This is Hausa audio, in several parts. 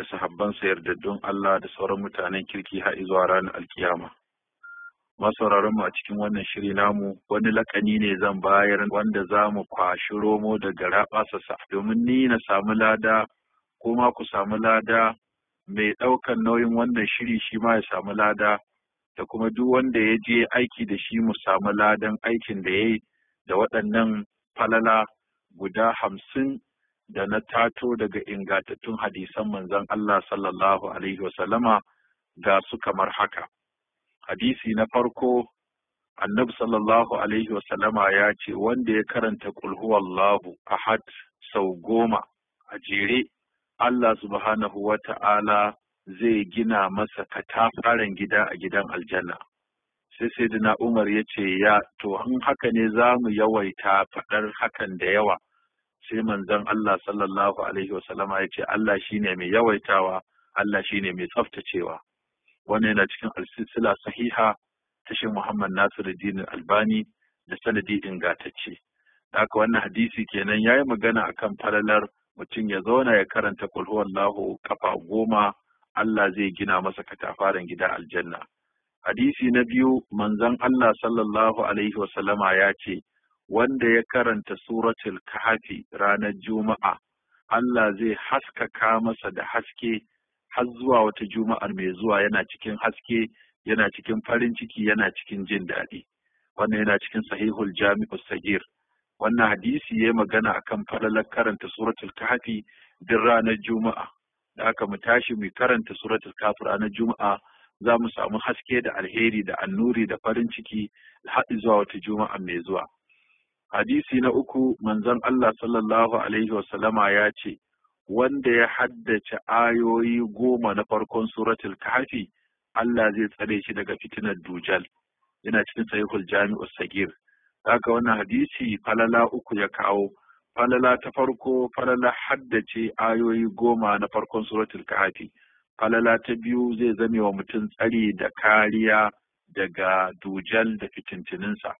da sahabban sa yardaddun Allah da sauran mutanen kirki har zuwa ranar alkiyama. Masauraran mu a cikin wannan shiri namu wani lakani ne zan bayar wanda za mu kwashi romo daga raɓasasa domin ni na samu lada ko ma ku samu lada mai ɗaukan nauyin wannan shiri shi ma ya samu lada da kuma duk wanda ya je aiki da shi mu samu ladan aikin da ya yi da waɗannan falala guda hamsin da na tato daga ingantattun hadisan manzon Allah sallallahu alaihi wasallama ga su kamar haka. Hadisi na farko annabi sallallahu alaihi wasallama ya ce wanda ya karanta kulhuwallahu ahad sau goma a jere Allah subhanahu wa ta'ala zai gina masa katafaren gida a gidan aljanna. Sai sai Umar ya ce ya to in haka ne za mu yawaita faɗar hakan da yawa sai manzon Allah sallallahu alaihi wasallama ya ce Allah shine mai yawaitawa Allah shine mai tsaftacewa wannan yana cikin alsilsila sahiha tashin Muhammad Muhammad Nasiruddin Albani da sanadi ingantacce haka wannan hadisi kenan yayi magana akan falalar mutum ya zauna ya karanta kulhuwallahu kafa goma Allah zai gina masa katafaren gida aljanna hadisi na biyu manzon Allah sallallahu alaihi wasallama ya ce wanda ya karanta suratul kahfi ranar juma'a Allah zai haskaka masa da haske har zuwa wata juma'ar mai zuwa yana cikin haske yana cikin farin ciki yana cikin jin daɗi wannan yana cikin sahihul jami'u sagir wannan hadisi ya magana akan falalar karanta suratul kahfi duk ranar juma'a da aka mu tashi mu karanta suratul kahfi ranar juma'a za mu samu haske da alheri da annuri da farin ciki har zuwa wata juma'a mai zuwa Hadisi na uku manzon Allah sallallahu Alaihi wasallama ya ce, Wanda ya haddace ayoyi goma na farkon suratul kahfi Allah zai tsare shi daga fitinar dujal. Yana cikin sahihul jami'u sagir. Haka wannan hadisi falala uku ya kawo. Falala ta farko falala haddace ayoyi goma na farkon suratul kahfi. Falala ta biyu zai zame wa mutum tsari da kariya daga dujal da fitintininsa.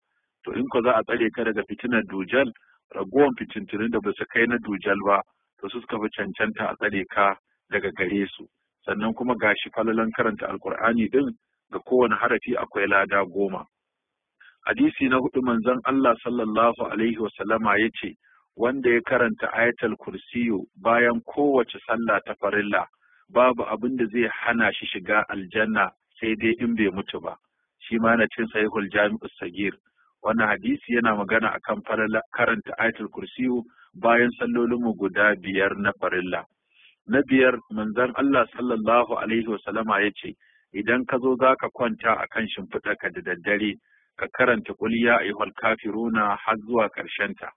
to in ko za a tsare ka daga fitinar dujal ragowar fitintunin da ba su kai na dujal ba to su suka fi cancanta a tsare ka daga gare su sannan kuma ga shi falalan karanta alkur'ani din ga kowane harafi akwai lada goma hadisi na hudu manzon Allah sallallahu alaihi wasallama ya ce wanda ya karanta ayatul kursiyu bayan kowace sallah ta farilla babu abin da zai hana shi shiga aljanna sai dai in bai mutu ba shi ma na cin sahihul jami'us sagir wannan hadisi yana magana akan falala karanta ayatul kursiyu bayan sallolinmu guda biyar na farilla na biyar manzon Allah sallallahu alaihi wasallama ya ce idan ka zo za ka kwanta a kan shimfiɗarka da daddare ka karanta ƙulya a ihwal kafiruna har zuwa ta.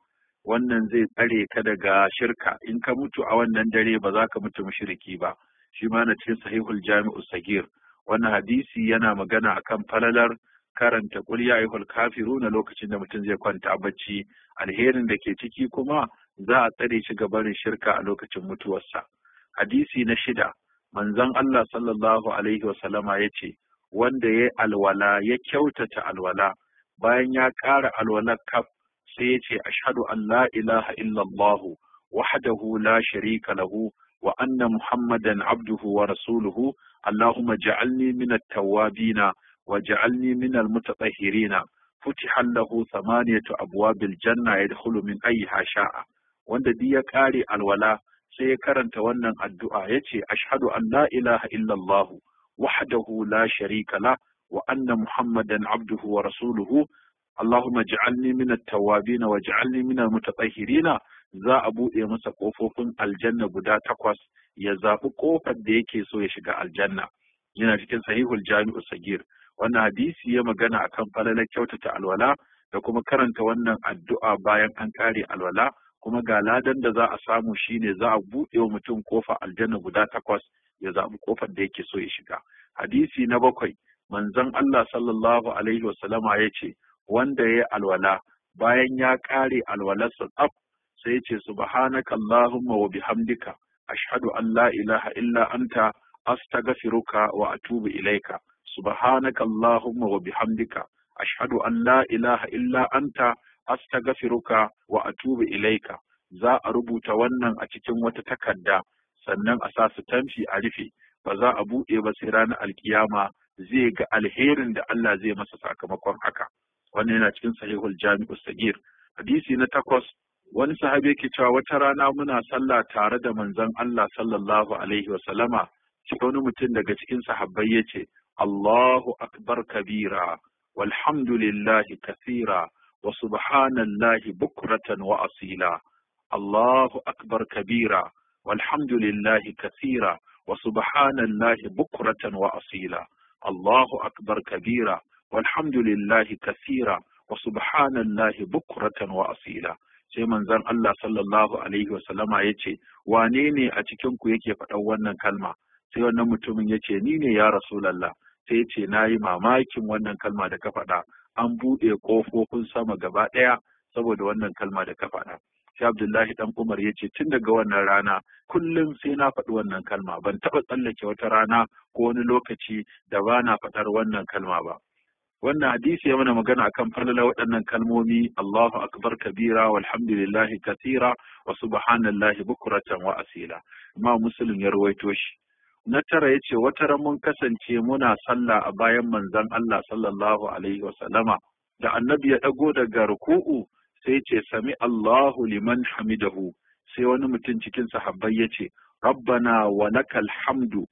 wannan zai tsare ka daga shirka in ka mutu a wannan dare ba za ka mutu mushriki ba shi ma na cikin sahihul jami'u sagir wannan hadisi yana magana akan falalar karanta qul ya ayyuhal kafiruna lokacin da mutum zai kwanta bacci alherin da ke ciki kuma za a tsare shi ga barin shirka a lokacin mutuwarsa hadisi na shida manzon Allah sallallahu alaihi wasallama ya ce wanda ya alwala ya kyautata alwala bayan ya ƙara alwalar kaf sai ya ce ashhadu an la ilaha illallah wahdahu la sharika lahu wa anna muhammadan abduhu wa rasuluhu allahumma ja'alni min at-tawwabina waj'alni minal mutatahhirina futihan lahu thamaniyatu abwabil janna yadkhulu min ayyiha sha'a wanda duk ya kare alwala sai ya karanta wannan addu'a yace ashhadu an la ilaha illallah wahdahu la sharika la wa anna muhammadan abduhu wa rasuluhu اللهم اجعلني من التوابين واجعلني من المتطهرين za a buɗe masa ƙofofin aljanna guda takwas ya zafi ƙofar da yake so ya shiga aljanna yana cikin sahihul jami'u sagir wannan hadisi ya magana akan falalar kyautata alwala da kuma karanta wannan addu'a bayan an kare alwala kuma ga ladan da za a samu shine za a buɗe wa mutum kofa aljanna guda takwas ya zaɓi kofar da yake so ya shiga hadisi na bakwai manzon Allah sallallahu alaihi wasallama ya ce wanda ya yi alwala bayan ya kare alwalarsa tsaf sai ya ce subhanaka allahumma wa bihamdika ashhadu an la ilaha illa anta astaghfiruka wa atubu ilaika subhanaka allahumma wa bihamdika ashhadu an la ilaha illa anta astaghfiruka wa atubu ilaika za a rubuta wannan a cikin wata takarda sannan a sa su tamfi a rufe ba za a buɗe ba sai ranar alkiyama zai ga alherin da Allah zai masa sakamakon haka wannan yana cikin sahihul jami'us sagir hadisi na takwas wani sahabi yake cewa wata rana muna sallah tare da manzon Allah sallallahu alaihi wa sallama sai wani mutum daga cikin sahabbai yace ce Allahu akbar kabira walhamdulillahi kasira wa subhanallahi bukratan wa asila Allahu akbar kabira walhamdulillahi kasira wa subhanallahi bukratan wa Allahu akbar kabira walhamdulillahi kasira wa subhanallahi bukratan wa sai manzon Allah sallallahu alaihi wa sallama yace wane ne a cikinku ku yake faɗan wannan kalma sai wannan mutumin ya ce ni ne ya rasulallah sai ya ce na yi mamakin wannan kalma da ka faɗa an buɗe ƙofofin sama gaba ɗaya saboda wannan kalma da ka faɗa sai abdullahi dan umar ya ce tun daga wannan rana kullum sai na faɗi wannan kalma ban taɓa tsallake wata rana ko wani lokaci da ba na faɗar wannan kalma ba wannan hadisi ya mana magana akan falala waɗannan kalmomi Allahu akbar kabira walhamdulillahi katira wa subhanallahi bukratan wa asila Amma Muslim ya rawaito shi na tara ya ce wata mun kasance muna sallah a bayan manzon Allah sallallahu alaihi wasallama da annabi ya ɗago daga ruku'u sai ce sami Allahu liman hamidahu sai wani mutum cikin sahabbai ya ce rabbana wa lakal hamdu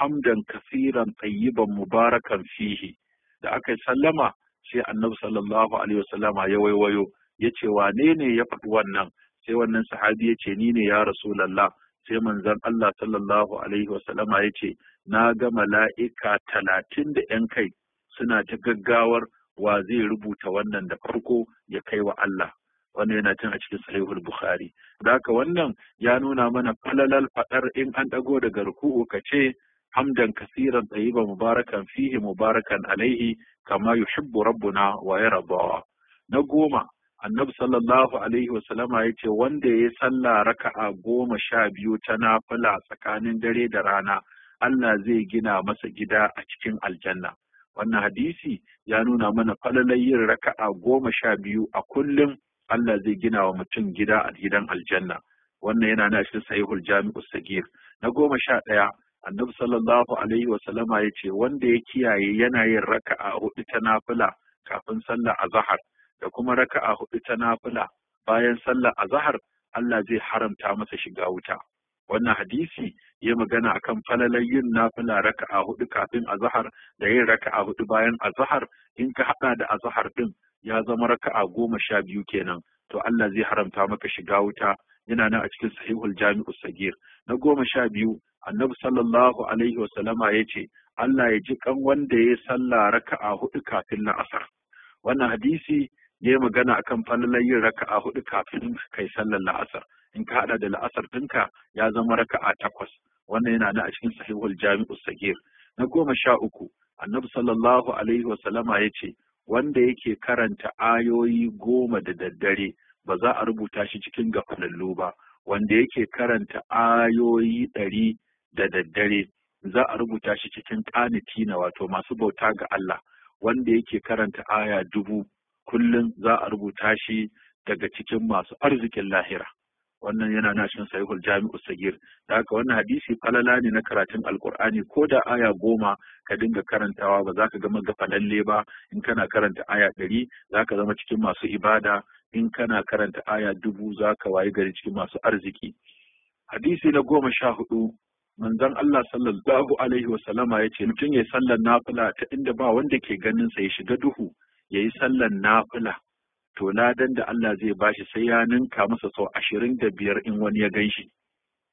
hamdan kasiran tayyiban mubarakan fihi da aka yi sallama sai annabi sallallahu alaihi wasallama ya waiwayo ya ce wane ne ya faɗi wannan sai wannan sahabi ya ce ni ne ya rasulallah sai manzon Allah sallallahu alaihi wasallama ya ce na ga mala'ika talatin da ‘yan kai suna ta gaggawar wa zai rubuta wannan da farko ya kai wa Allah wannan yana cin a cikin sahihul bukhari da haka wannan ya nuna mana falalal fadar in an dago daga ruku'u ka ce hamdan kasiran tsayiba mubarakan fihi mubarakan alaihi kama yuhibbu rabbuna wa yarda na goma annabi sallallahu alaihi wasallama ya ce wanda ya sallah raka'a goma sha biyu ta nafila tsakanin dare da rana Allah zai gina masa gida a cikin aljanna wannan hadisi ya nuna mana falalai yin raka'a goma sha biyu a kullum Allah zai gina wa mutum gida a gidan aljanna wannan yana na cikin sahihul jami'us sagir na goma sha ɗaya annabi sallallahu alaihi wasallama ya ce wanda ya kiyaye yana yin raka'a hudu ta nafila kafin sallar zahar. da kuma raka'a hudu ta nafila bayan sallar azahar Allah zai haramta masa shiga wuta. Wannan hadisi ya magana akan falalar yin nafila raka'a hudu kafin azahar da yin raka'a hudu bayan azahar in ka haɗa da azahar ɗin ya zama raka'a goma sha biyu kenan to Allah zai haramta maka shiga wuta yana nan a cikin sahihul jami'u sagir na goma sha biyu annabi sallallahu alaihi wasallama ya ce Allah ya ji kan wanda ya yi sallah raka'a hudu kafin na asar wannan hadisi ya magana akan layin yin raka'a hudu kafin kai sallar la'asar in ka hada da la'asar dinka ya zama raka'a takwas wannan yana nan a cikin sahihul jami'u sagir na goma sha uku annabi sallallahu alaihi wasallama ya ce wanda yake karanta ayoyi goma da daddare ba za a rubuta shi cikin gafalallu ba wanda yake karanta ayoyi ɗari da daddare za a rubuta shi cikin ƙanitina wato masu bauta ga Allah wanda yake karanta aya dubu kullum za a rubuta shi daga cikin masu arzikin lahira wannan yana na cikin sahihul jami'u sagir da haka wannan hadisi falala ne na karatun alkur'ani ko da aya goma ka dinga karantawa ba za ka gama gafalalle ba in kana karanta aya ɗari za ka zama cikin masu ibada in kana karanta aya dubu za ka wayi gari cikin masu arziki hadisi na goma sha hudu manzon Allah sallallahu alaihi Salama ya ce mutum ya sallar nafila ta inda ba wanda ke ganin sa ya shiga duhu ya yi sallan nafila to ladan da Allah zai bashi sai ya ninka masa sau ashirin da biyar in wani ya gan shi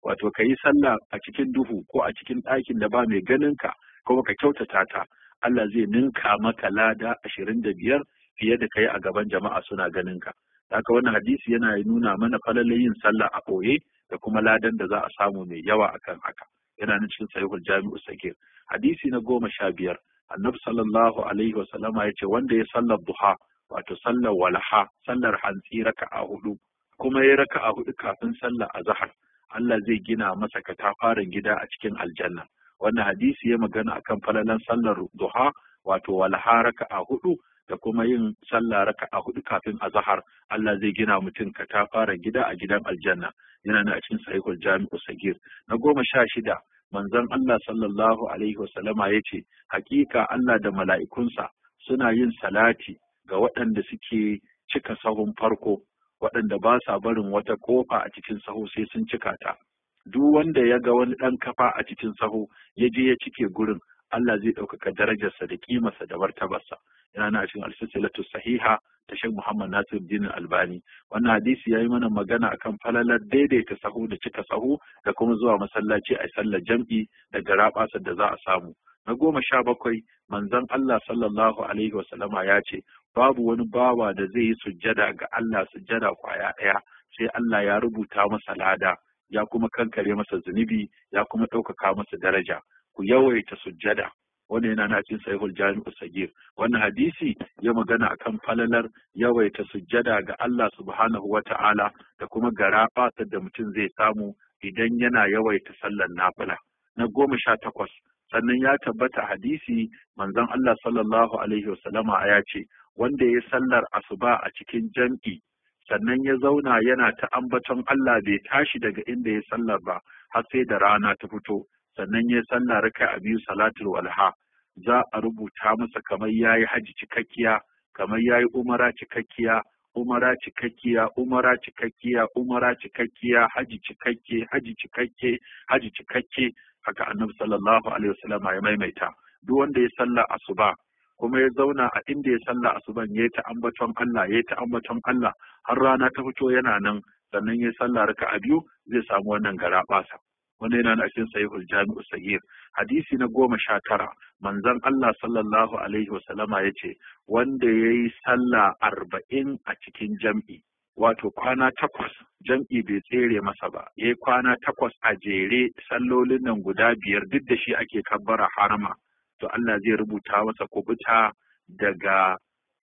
wato ka yi sallah a cikin duhu ko a cikin ɗakin da ba mai ganinka kuma ka kyautata ta Allah zai ninka maka lada ashirin da biyar fiye da ka yi a gaban jama'a suna ganinka haka wannan hadisi yana nuna mana falalin yin sallah a ɓoye da kuma ladan da za a samu mai yawa akan haka yana nan cikin sahihul jami'u sakir hadisi na goma sha biyar annabi sallallahu alaihi wasallama ya ce wanda ya sallar duha wato sallar walaha sallar hantsi raka'a hudu kuma ya a hudu kafin sallar azhar Allah zai gina masa katafaren gida a cikin aljanna wannan hadisi ya magana akan falalan sallar duha wato walaha a hudu da kuma yin sallah a hudu kafin azhar Allah zai gina mutum katafaren gida a gidan aljanna yana na cikin sahihul jami'u sagir na goma sha shida manzon Allah sallallahu alaihi wasallama ya ce hakika Allah da mala'ikunsa suna yin salati ga waɗanda suke cika sahun farko waɗanda ba sa barin wata kofa a cikin saho sai sun cika ta duk wanda ya ga wani ɗan kafa a cikin saho ya je ya cike gurin Allah zai ɗaukaka darajarsa da ƙimarsa da martabarsa yana na cikin alsilsilatu sahiha ta Sheikh Muhammad Nasir Dinin Albani wannan hadisi yayi mana magana akan falalar daidaita sahu da cika sahu da kuma zuwa masallaci a sallar jam'i da garabasar da za a samu na goma sha bakwai manzon Allah sallallahu alaihi ya ce babu wani bawa da zai yi sujjada ga Allah sujjada kwaya ɗaya sai Allah ya rubuta masa lada ya kuma kankare masa zunubi ya kuma ɗaukaka masa daraja ku yawaita sujjada wannan yana na cikin sahihul jami'u sagir wannan hadisi ya magana akan falalar yawaita sujjada ga Allah subhanahu wata'ala da kuma gara da mutum zai samu idan yana yawaita sallar nafila na goma sha takwas sannan ya tabbata hadisi manzon Allah sallallahu alaihi wasallama ya ce wanda ya sallar asuba a cikin jam'i sannan ya zauna yana ta ambaton Allah bai tashi daga inda ya sallar ba har sai da rana ta fito sannan ya sanna raka a biyu salatul walha za a rubuta masa kamar ya yi haji cikakkiya kamar ya yi umara cikakkiya umara cikakkiya umara cikakkiya umara cikakkiya haji cikakke haji cikakke haji cikakke haka annabi sallallahu alaihi wasallama ya maimaita duk wanda ya salla asuba kuma ya zauna a inda ya salla asuban ya ta ambaton Allah ya ta ambaton Allah har rana ta fito yana nan sannan ya salla raka a biyu zai samu wannan gara basa wanda yana da cikin sahihul jami'u sahih hadisi na goma sha tara manzon Allah sallallahu alaihi wasallama ya ce wanda yayi sallah arba'in a cikin jam'i wato kwana takwas jam'i bai tsere masa ba ya kwana takwas a jere sallolin nan guda biyar duk da shi ake kabbara harama to Allah zai rubuta masa kubuta daga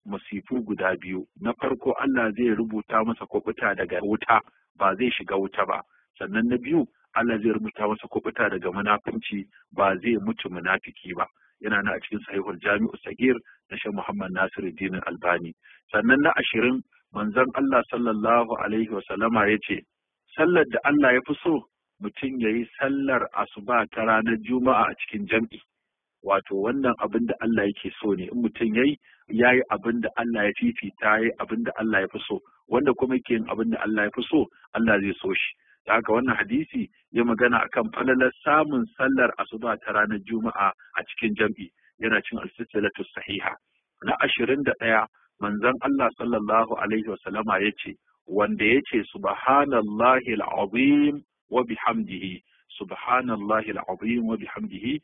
musifu guda biyu na farko Allah zai rubuta masa kubuta daga wuta ba zai shiga wuta ba sannan na biyu Allah zai rubuta masa kubuta daga munafunci ba zai mutu munafiki ba yana nan a cikin sahihul jami'u sagir na shan muhammad Nasiru, nasiruddin albani sannan na ashirin manzon Allah sallallahu alaihi wasallama ya ce sallar da Allah ya fi so mutum ya yi sallar asuba ta ranar juma'a a cikin jam'i wato wannan abin da Allah yake so ne in mutum ya yi ya yi abin da Allah ya fifita ya yi abin da Allah ya fi so wanda kuma yake yin abin da Allah ya fi so Allah zai so shi da haka wannan hadisi ya magana akan falalar samun sallar asuba ta ranar juma'a a cikin jam'i yana cin alsisilatu sahiha na ashirin da ɗaya manzon Allah sallallahu alaihi sallama ya ce wanda ya ce subhanallahi al'azim wa bihamdihi subhanallahi al'azim wa bihamdihi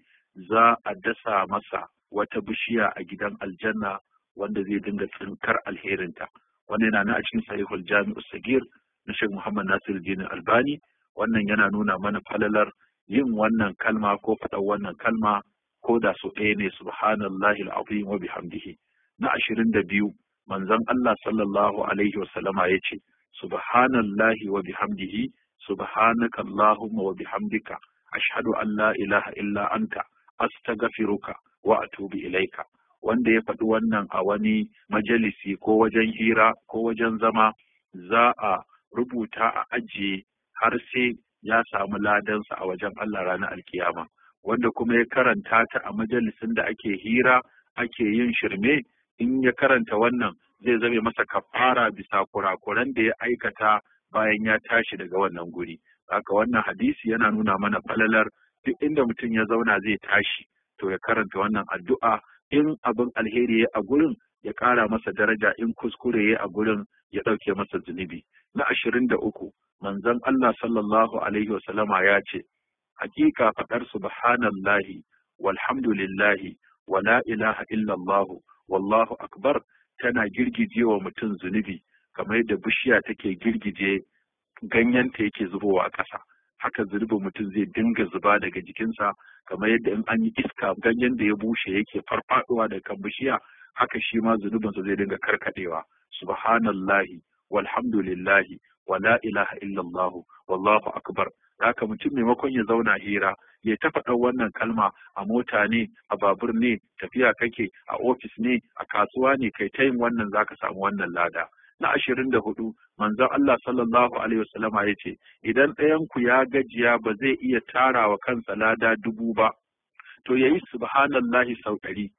za a dasa masa wata bishiya a gidan aljanna wanda zai dinga tsinkar alherinta wanda yana na a cikin sahihul Jami'us sagir na Sheikh Muhammad Nasiru Dini Albani wannan yana nuna mana falalar yin wannan kalma ko faɗan wannan kalma ko da su ɗaya ne subhanallahi al'azim wa bihamdihi na ashirin da biyu manzon Allah sallallahu alaihi wasallama ya ce subhanallahi wa bihamdihi subhanaka allahumma wa bihamdika ashhadu an la ilaha illa anta astaghfiruka wa atubu ilaika wanda ya faɗi wannan a wani majalisi ko wajen hira ko wajen zama za a rubuta a ajiye har sai ya samu ladansa a wajen Allah ranar alkiyama wanda kuma ya karanta ta a majalisin da ake hira ake yin shirme in ya karanta wannan zai zame masa kafara bisa kurakuran da ya aikata bayan ya tashi daga wannan guri haka wannan hadisi yana nuna mana falalar duk inda mutum ya zauna zai tashi to ya karanta wannan addu'a in abin alheri ya a gurin ya ƙara masa daraja in kuskure ya a gurin ya ɗauke masa zunubi na ashirin da uku manzon Allah sallallahu alaihi wasallama ya ce hakika faɗar subhanallahi walhamdulillahi wa la ilaha illallahu wallahu akbar tana girgije wa mutum zunubi kamar yadda bishiya take girgije ganyenta yake zubowa a ƙasa haka zunubin mutum zai dinga zuba daga jikinsa kamar yadda in an yi iska ganyen da ya bushe yake farfaɗowa daga kan bishiya haka shi ma zunubinsa zai dinga karkaɗewa subhanallahi walhamdulillahi wa la ilaha illallah wallahu akbar haka mutum maimakon ya zauna hira ya ta faɗa wannan kalma a mota ne a babur ne tafiya kake a ofis ne a kasuwa ne kai ta yin wannan zaka samu wannan lada na ashirin da hudu manzon Allah sallallahu alaihi wasallama ya ce idan ɗayanku ya gajiya ba zai iya tara wa kansa lada dubu ba to ya yi subhanallahi sau ɗari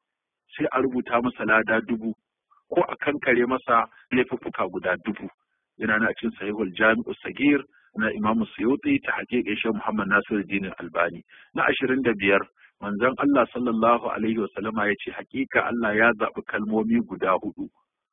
sai a rubuta masa lada dubu ko a kankare masa laifuffuka guda dubu yana na cin sahihul jami'u sagir na imamu suyuti ta haƙiƙe shi muhammad nasiru dinin albani na ashirin da biyar manzon allah sallallahu alaihi wasallama ya ce haƙiƙa allah ya zaɓi kalmomi guda hudu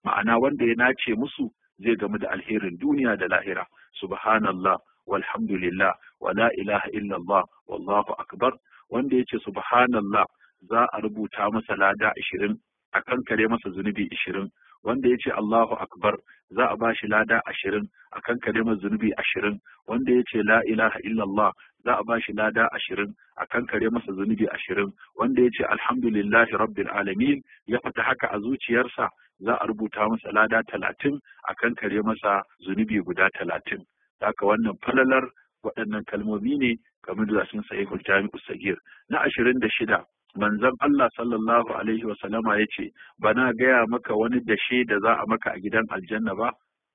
ma'ana wanda ya nace musu zai gamu da alherin duniya da lahira subhanallah walhamdulillah wa la ilaha illallah wallahu akbar wanda ya ce subhanallah za a rubuta masa lada ashirin a kankare masa zunubi ashirin. wanda ya ce Allahu akbar za a ba shi lada ashirin a kankare masa zunubi ashirin wanda ya ce la ilaha illallah za a ba shi lada ashirin a kankare masa zunubi ashirin wanda ya ce alhamdulillahi rabbil alamin ya fita haka a zuciyarsa za a rubuta masa lada talatin a kankare masa zunubi guda talatin haka wannan falalar waɗannan kalmomi ne kamar da sun sahihul jami'u sagir na ashirin da shida manzon Allah sallallahu alaihi wasallama ya ce bana gaya maka wani dashe da za a maka a gidan aljanna ba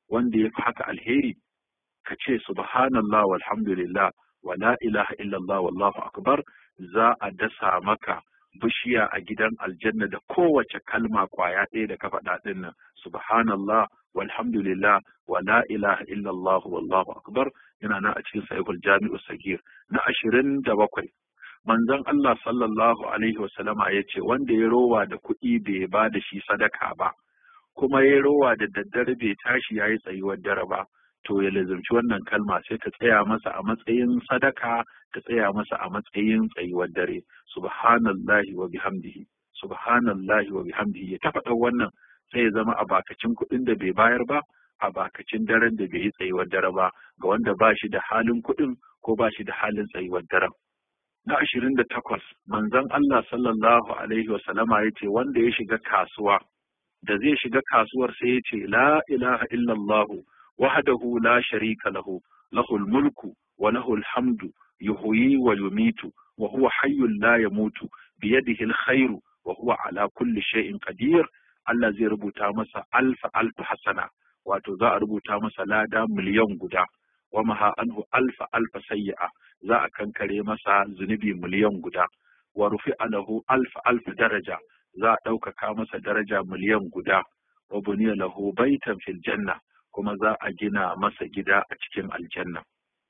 wanda ya fi haka alheri ka ce subhanallah walhamdulillah wa la ilaha illallah wallahu akbar za a dasa maka bishiya a gidan aljanna da kowace kalma kwaya ɗaya da ka faɗa ɗin nan subhanallah walhamdulillah wa la ilaha illallah wallahu akbar yana nan a cikin sahihul jami'u sagir na ashirin da bakwai manzon Allah sallallahu alaihi wasallama ya ce wanda ya rowa da kuɗi bai ba da shi sadaka ba kuma ya rowa da daddare bai tashi ya yi tsayuwar dare ba to ya lazumci wannan kalma sai ta tsaya masa a matsayin sadaka ta tsaya masa a matsayin tsayuwar dare subhanallahi wa bihamdihi subhanallahi wa bihamdihi ya tafaɗa wannan sai ya zama a bakacin kuɗin da bai bayar ba a bakacin daren da bai yi tsayuwar dare ba ga wanda ba shi da halin kuɗin ko ba shi da halin tsayuwar daren na ashirin da takwas manzon Allah sallallahu alaihi wasallama ya ce wanda ya shiga kasuwa da zai shiga kasuwar sai ya ce la ilaha illallahu wahdahu la sharika lahu lahul mulku wa lahul hamdu yuhyi wa yumitu wa huwa ya la yamutu bi yadihi alkhairu wa huwa ala kulli shay'in qadir Allah zai rubuta masa alfa alfa hasana wato za a rubuta masa lada miliyan guda wa maha anhu alfa alfa sayya'a za a kankare masa zunubi miliyan guda wa rufi lahu alfa alfa daraja za a ɗaukaka masa daraja miliyan guda wa buniya lahu baitan fil janna kuma za a gina masa gida a cikin aljanna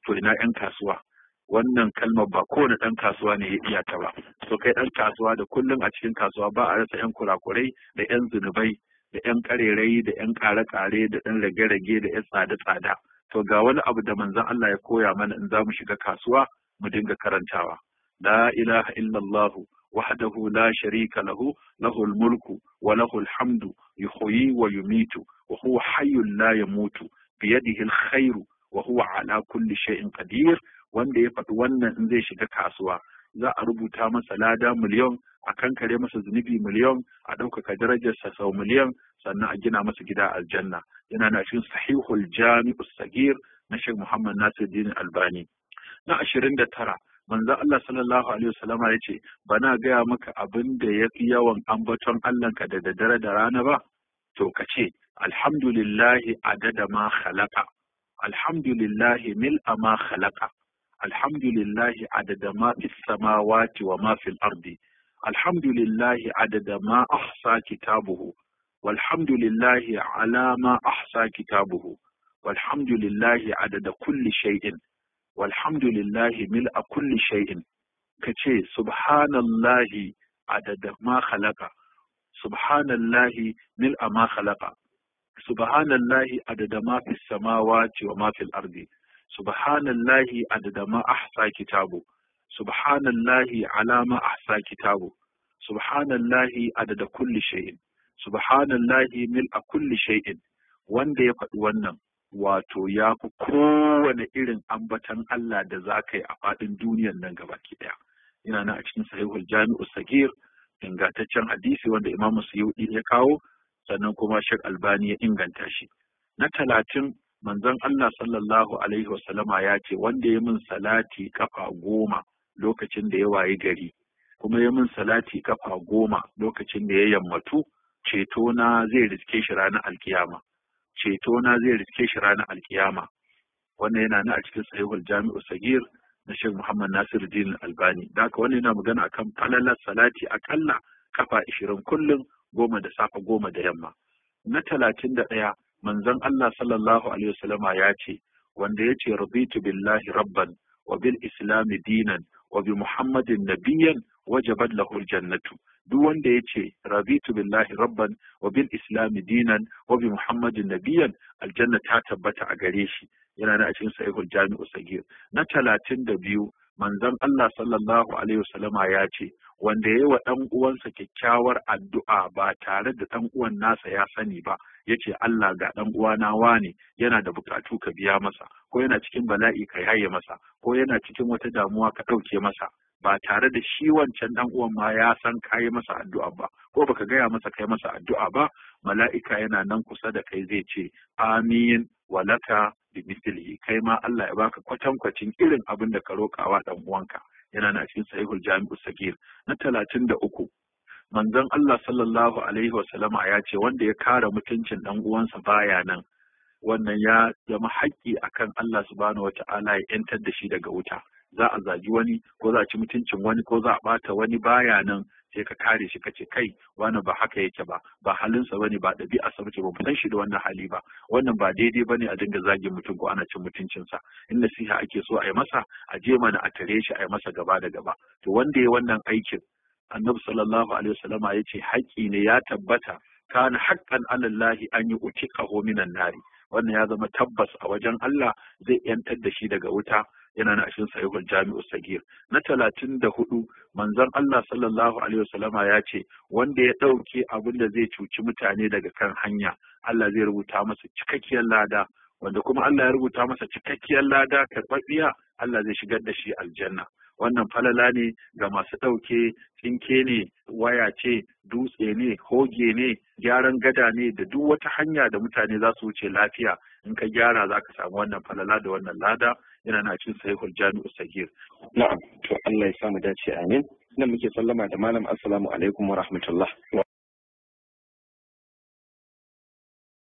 to ina yan kasuwa wannan kalmar ba kowane ɗan kasuwa ne ya iya ta ba so kai ɗan kasuwa da kullum a cikin kasuwa ba a rasa yan kurakurai da yan zunubai da yan ƙarerai da yan ƙare-ƙare da ɗan rage-rage da yan tsada-tsada to ga wani abu da manzon Allah ya koya mana in za mu shiga kasuwa mu dinga karantawa la ilaha illallah wahdahu la sharika lahu lahul mulku wa lahul hamdu yuhyi wa yumitu wa huwa hayyun la yamutu biyadihi alkhairu wa huwa ala kulli shay'in qadir wanda ya faɗi wannan in zai shiga kasuwa za a rubuta masa lada miliyon a kankare masa zunubi miliyon a ɗaukaka darajarsa sau miliyon sannan a gina masa gida aljanna yana na cikin sahihul jami'us sagir na Sheikh Muhammad Nasiruddin Albani na ashirin da tara manzo Allah sallallahu alaihi wasallama ya ce bana gaya maka abin da ya fi yawan ambaton Allahnka da daddare da rana ba to ka ce alhamdulillahi adada ma khalaka alhamdulillahi mil ma khalaka الحمد لله عدد ما في السماوات وما في الأرض الحمد لله عدد ما أحصى كتابه والحمد لله على ما أحصى كتابه والحمد لله عدد كل شيء والحمد لله ملء كل شيء كتي سبحان الله عدد ما خلق سبحان الله ملء ما خلق سبحان الله عدد ما في السماوات وما في الأرض subhanallahi adada ma ahsa kitabu subhanallahi alama ahsa kitabu subhanallahi adada kulli shay'in subhanallahi mil'a kulli shay'in wanda ya faɗi wannan wato ya fi kowane irin ambatan Allah da za ka yi a faɗin duniyan nan gaba ki ɗaya. Ina nan a cikin sahihul jami'u sagir ingantaccen hadisi wanda Imamu Suyuɗi ya kawo sannan kuma Sheikh Albani ya inganta shi. Na talatin manzon Allah sallallahu alaihi wasallama ya ce wanda ya min salati kafa goma lokacin da ya wayi gari kuma ya min salati kafa goma lokacin da ya yammatu ceto na zai riske shi ranar alkiyama ceto na zai riske shi ranar alkiyama wannan yana na a cikin sahihul jami'u sagir na Sheikh Muhammad Nasir Din Albani da haka wannan yana magana akan falalar salati akalla kafa ishirin kullum goma da safe goma da yamma na talatin da ɗaya manzon Allah sallallahu alaihi wasallama ya ce wanda ya ce raditu billahi rabban wa bil islami dinan wa bi muhammadin nabiyyan wajabat lahu jannatu duk wanda ya ce raditu billahi rabban wa bil islami dinan wa bi muhammadin nabiyyan aljanna ta tabbata a gare shi yana da a cikin sahihul jami'u sagir na talatin da biyu manzon Allah sallallahu alaihi wasallama ya ce wanda ya yi wa ɗan uwansa kyakkyawar addu'a ba tare da ɗan uwan nasa ya sani ba ya ce Allah ga ɗan uwana wane yana da buƙatu ka biya masa ko yana cikin bala'i ka yaye masa ko yana cikin wata damuwa ka ɗauke masa ba tare da shi wancan ɗan uwan ma ya san ka yi masa addu'a ba ko baka gaya masa kai masa addu'a ba mala'ika yana nan kusa da kai zai ce amin walaka bi mislihi kai ma Allah ya baka kwatankwacin irin abin da ka roƙawa ɗan uwanka yana na cikin sahihul jami'u sagir na talatin da uku manzon Allah sallallahu alaihi wa sallama ya ce wanda ya kare mutuncin dan uwansa baya nan wannan ya zama haƙƙi akan Allah subhanahu wata'ala ya yantar da shi daga wuta za a zagi wani ko za a ci mutuncin wani ko za a ɓata wani baya nan sai ka kare shi ka kace kai wani ba haka yake ba ba halinsa bane ba ɗabi'arsa bace ba mu san shi da wannan hali ba wannan ba daidai bane a dinga zagin mutum ko ana cin sa in nasiha ake so a yi masa a je mana a tare shi a yi masa gaba da gaba to wanda ya wannan aikin annabi sallallahu alaihi wasallama ya ce haƙƙi ne ya tabbata kana haƙƙan alallahi an yi utiqahu minan nari wannan ya zama tabbas a wajen Allah zai yantar da shi daga wuta yana na cikin sayuwar jami'u sagir na talatin da hudu manzon Allah sallallahu alaihi wasallama ya ce wanda ya ɗauke abin da zai cuci mutane daga kan hanya Allah zai rubuta masa cikakkiyar lada wanda kuma Allah ya rubuta masa cikakkiyar lada karɓaɓɓiya Allah zai shigar da shi aljanna wannan falala ne ga masu ɗauke tsinke ne waya ce dutse ne hoge ne gyaran gada ne da duk wata hanya da mutane za su wuce lafiya in ka gyara za ka samu wannan falala da wannan lada yana na cikin sahihul jami'u sagir na'am to Allah ya samu dace amin nan muke sallama da malam assalamu alaikum wa rahmatullah